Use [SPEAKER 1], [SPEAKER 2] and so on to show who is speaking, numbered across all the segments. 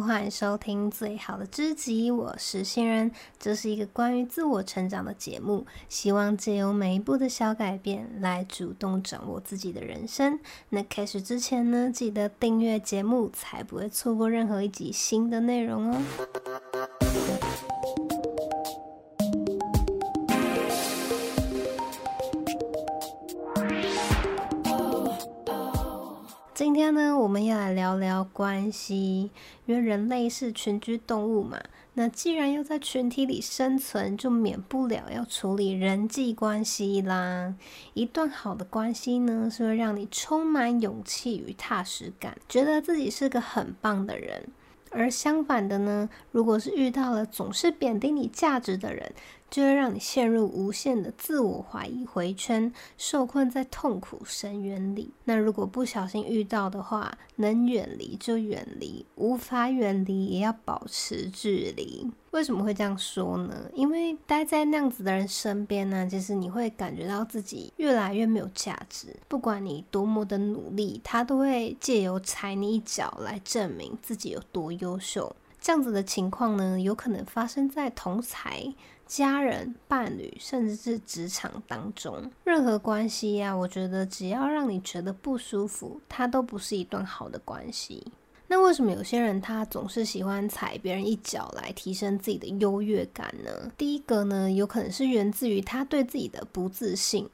[SPEAKER 1] 歡迎收聽《最好的知己》，我是新人，這是一個關於自我成長的節目，希望借由每一步的小改變，來主動掌握自己的人生。那開始之前呢，記得訂閱節目，才不會錯過任何一集新的內容哦。今天呢，我們要來聊聊關係，因為人類是群居動物嘛。那既然要在群體裡生存，就免不了要處理人際關係啦。一段好的關係呢，是會讓你充滿勇氣與踏實感，覺得自己是個很棒的人。而相反的呢，如果是遇到了總是貶低你價值的人，就會讓你陷入無限的自我懷疑回圈，受困在痛苦深淵裡。那如果不小心遇到的話，能遠離就遠離，無法遠離也要保持距離。為什麼會這樣說呢？因為待在那樣子的人身邊呢、啊，其實你會感覺到自己越來越沒有價值。不管你多麼的努力，他都會借由踩你一腳來證明自己有多優秀。這樣子的情況呢，有可能發生在同儕。家人、伴侶，甚至是職場當中任何關係呀、啊，我覺得只要讓你覺得不舒服，它都不是一段好的關係。那為什麼有些人他總是喜歡踩別人一腳來提升自己的優越感呢？第一個呢，有可能是源自於他對自己的不自信，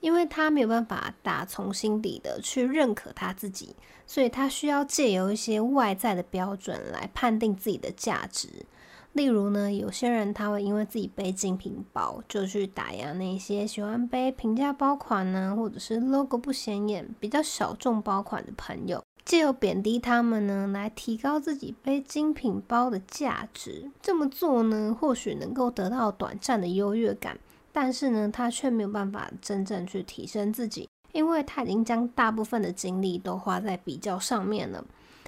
[SPEAKER 1] 因為他沒有辦法打從心底的去認可他自己，所以他需要借由一些外在的標準來判定自己的價值。例如呢，有些人他會因為自己背精品包，就去打壓那些喜歡背平價包款呢，或者是 logo 不顯眼、比較小眾包款的朋友，借由貶低他們呢，來提高自己背精品包的價值。這麼做呢，或許能夠得到短暫的優越感，但是呢，他卻沒有辦法真正去提升自己，因為他已經將大部分的精力都花在比較上面了。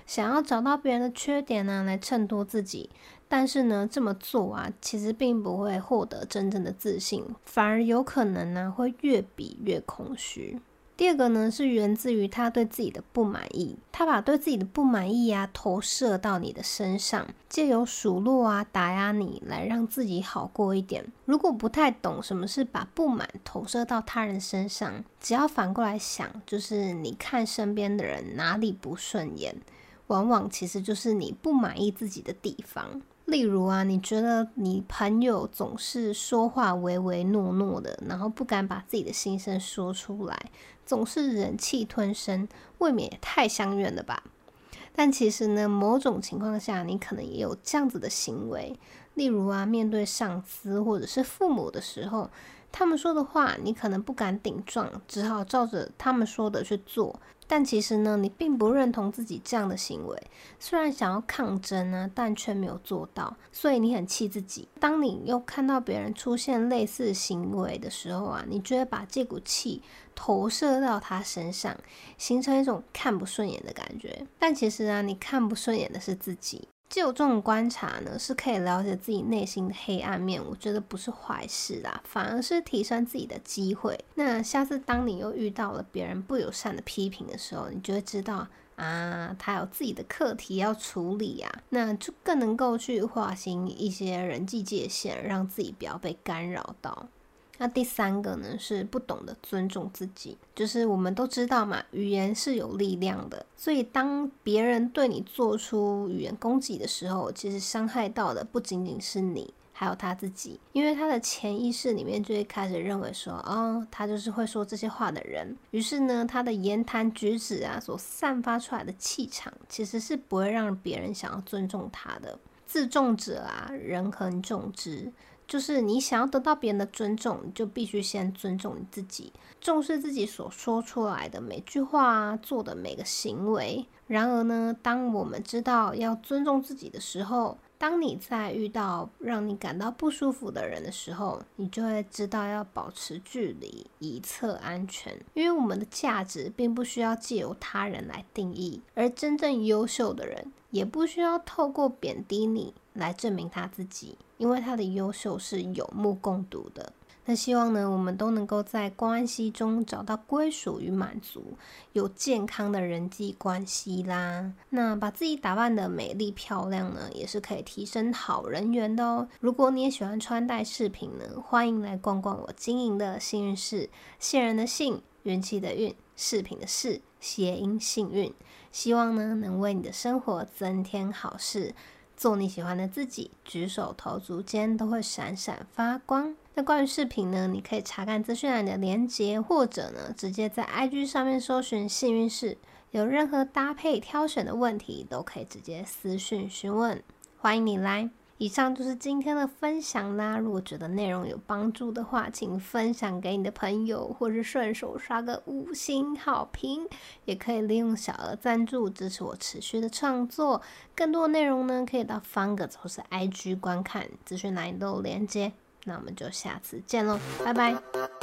[SPEAKER 1] 想要找到別人的缺點呢、啊，來襯托自己，但是呢，這麼做啊，其實並不會獲得真正的自信，反而有可能呢、啊，會越比越空虛。第二個呢，是源自於他對自己的不滿意，他把對自己的不滿意啊投射，到你的身上，借由數落啊打壓你來讓自己好過一點。如果不太懂什麼是把不滿投射到他人身上，只要反過來想，就是你看身邊的人哪裡不順眼。往往其實就是你不滿意自己的地方。例如啊，你覺得你朋友總是說話唯唯諾諾的，然後不敢把自己的心聲說出來，總是忍氣吞聲，未免也太鄉愿了吧？但其實呢，某種情況下，你可能也有這樣子的行為。例如啊，面對上司或者是父母的時候，他們說的話，你可能不敢頂撞，只好照着他們說的去做。但其實呢，你並不認同自己這樣的行為，雖然想要抗爭呢啊，但卻沒有做到，所以你很氣自己。當你又看到別人出現類似行為的時候啊，你就會把這股氣投射到他身上，形成一種看不順眼的感覺。但其實啊，你看不順眼的是自己。藉由這種觀察呢，是可以了解自己內心的黑暗面，我覺得不是壞事啦，反而是提升自己的機會。那下次當你又遇到了別人不友善的批評的時候，你就會知道啊，他有自己的課題要處理啊，那就更能夠去劃清一些人際界限，讓自己不要被干擾到。那、啊、第三個呢，是不懂得尊重自己。就是我們都知道嘛，語言是有力量的。所以當別人對你做出語言攻擊的時候，其實傷害到的不僅僅是你，還有他自己。因為他的潛意識裡面就會開始認為說，哦，他就是會說這些話的人。於是呢，他的言談舉止啊，所散發出來的氣場，其實是不會讓別人想要尊重他的。自重者啊，人恆重之。就是你想要得到別人的尊重，你就必須先尊重你自己，重視自己所說出來的每句話，做的每個行為。然而呢，當我們知道要尊重自己的時候，當你在遇到讓你感到不舒服的人的時候，你就會知道要保持距離，以策安全。因為我們的價值並不需要借由他人來定義，而真正優秀的人也不需要透過貶低你來證明他自己，因為他的優秀是有目共睹的。那希望呢，我們都能夠在關係中找到歸屬與滿足，有健康的人際關係啦。那把自己打扮得美麗漂亮呢，也是可以提升好人緣的哦、喔。如果你也喜歡穿戴飾品呢，歡迎來逛逛我經營的杏運飾，杏仁的杏，運氣的運，飾品的飾，諧音幸運。希望呢，能為你的生活增添好事。做你喜歡的自己，舉手投足間都會閃閃發光。那關於飾品呢，你可以查看資訊欄的鏈接，或者呢，直接在 IG 上面搜尋杏運飾，有任何搭配挑選的問題，都可以直接私訊詢問，歡迎你來。以上就是今天的分享啦！如果覺得內容有幫助的話，請分享給你的朋友，或是順手刷個五星好評，也可以利用小額贊助支持我持續的創作。更多的內容呢，可以到方格子或是 IG 觀看，資訊欄都有鏈接。那我們就下次見嘍，拜拜！